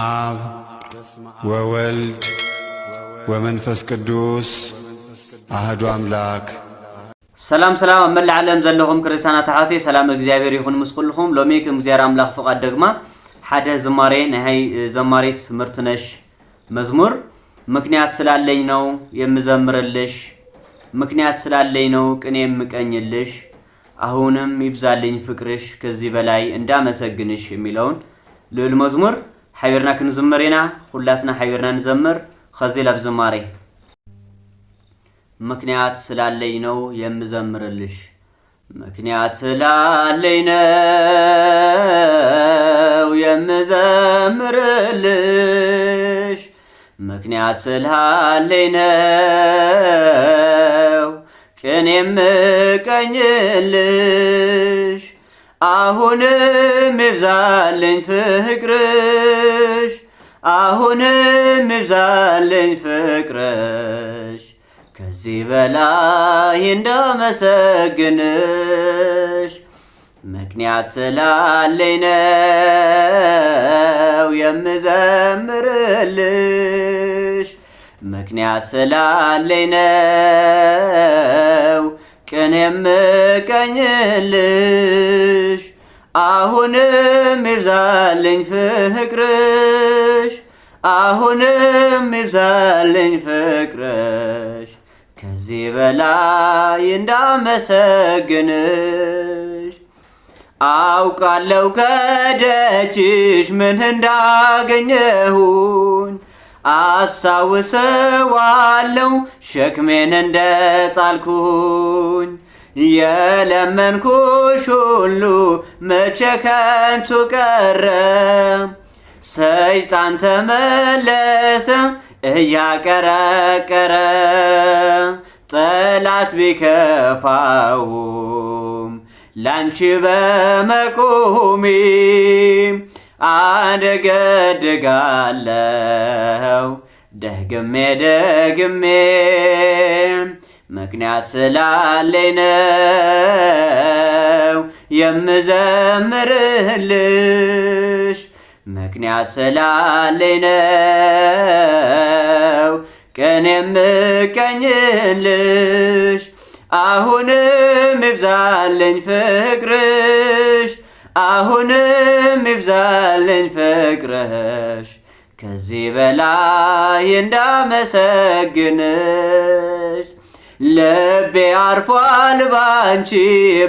አብ ወወልድ ወመንፈስ ቅዱስ አህዱ አምላክ ሰላም ሰላም ኣብ መላእ ዓለም ዘለኹም ክርስትያናት ኣሕዋተይ ሰላም እግዚኣብሔር ይኹን ምስ ኩልኹም ሎሚ ከም እግዚኣብሔር ኣምላኽ ፍቓድ ደግማ ሓደ ዝማሬ ናይ ዘማሬት ምርትነሽ መዝሙር ምክንያት ስላለኝ ነው የምዘምርልሽ ምክንያት ስላለኝ ነው ቅኔ የምቀኝልሽ አሁንም ይብዛልኝ ፍቅርሽ ከዚህ በላይ እንዳመሰግንሽ የሚለውን ልዑል መዝሙር ሓቢርና ክንዝምር ኢና ኩላትና ሓቢርና ንዘምር ከዚ ላብ ዝማሬ ምክንያት ስላለይ ነው የምዘምርልሽ ምክንያት ስላለይ ነው የምዘምርልሽ ምክንያት ስላለይ ነው ቅን የምቀኝልሽ አሁንም ይብዛልኝ ፍቅርሽ አሁንም ይብዛልኝ ፍቅርሽ ከዚህ በላይ እንዳመሰግንሽ ምክንያት ስላለኝ ነው የምዘምርልሽ ምክንያት ስላለኝ ነው ቅኔም ቀኝልሽ አሁንም ይብዛልኝ ፍቅርሽ አሁንም ይብዛልኝ ፍቅርሽ ከዚህ በላይ እንዳመሰግንሽ አውቃለሁ ከደጅሽ ምን እንዳገኘሁኝ አስታውሰዋለሁ ሸክሜን እንደ ጣልኩኝ የለመንኩሽ ሁሉ መቼ ከንቱ ቀረ። ሰይጣን ተመለሰ እያቀረቀረ ጠላት ቢከፋውም ላንቺ በመቆሜ አደገድጋለው ደግሜ ደግሜ ምክንያት ስላለኝ ነው የምዘምርልሽ ምክንያት ስላለኝ ነው ቀን የምቀኝልሽ አሁንም ይብዛልኝ ፍቅርሽ አሁንም ይብዛልኝ ፍቅርሽ ከዚህ በላይ እንዳመሰግንሽ ልቤ አርፏል ባንቺ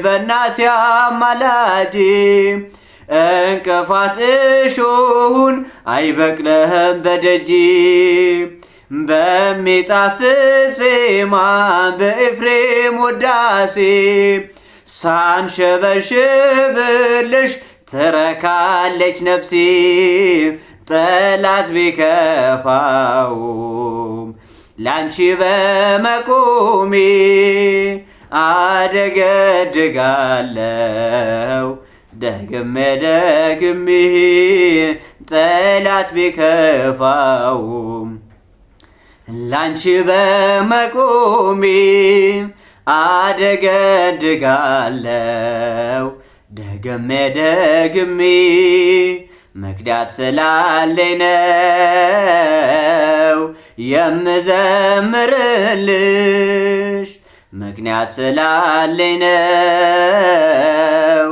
በእናት አማላጅ እንቅፋት እሾሁን አይበቅለህም በደጂ በሚጣፍ ዜማ በኤፍሬም ወዳሴ ሳንሸበሽብልሽ ትረካለች ነፍሲ ጠላት ቢከፋውም ላንቺ በመቆሚ አደገድጋለው ደግሜ ደግሜ ጠላት ቢከፋውም ላንቺ በመቆሜ አደገድጋለው ደግሜ ደግሜ መክዳት ስላለኝ ነው የምዘምርልሽ ምክንያት ስላለኝ ነው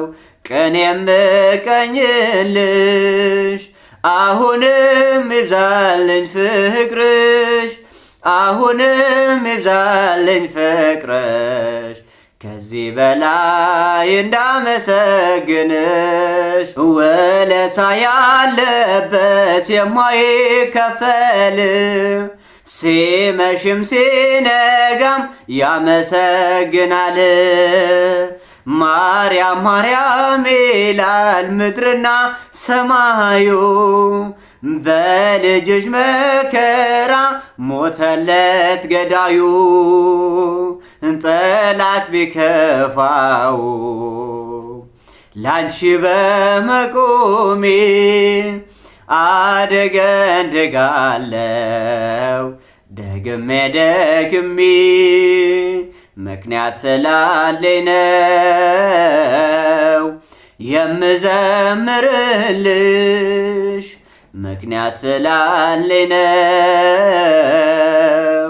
ቀን የምቀኝልሽ አሁንም ይብዛልኝ ፍቅርሽ አሁንም ይብዛልኝ ፍቅርሽ ከዚህ በላይ እንዳመሰግንሽ ውለታ ያለበት የማይከፈል ሲመሽም ሲነጋም ያመሰግናል። ማርያም ማርያም ይላል ምድርና ሰማዩ በልጅሽ መከራ ሞተለት ገዳዩ ጠላት ቢከፋው ላንቺ በመቆሜ አደገ እንድጋለው ደግሜ ደግሜ ምክንያት ስላለኝ ነው የምዘምርልሽ ምክንያት ስላለኝ ነው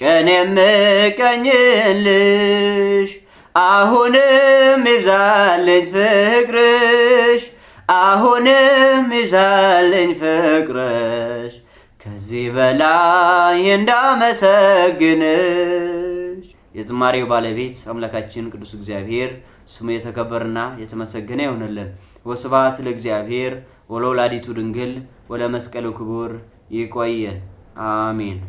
ቀን የምቀኝልሽ አሁንም ይብዛልኝ ፍቅርሽ አሁንም ይብዛልኝ ፍቅርሽ ከዚህ በላይ እንዳመሰግንሽ የዝማሬው ባለቤት አምላካችን ቅዱስ እግዚአብሔር ስሙ የተከበረና የተመሰገነ ይሆንልን። ወስብሐት ለእግዚአብሔር ወለወላዲቱ ድንግል ወለመስቀሉ ክቡር። ይቆየን። አሜን።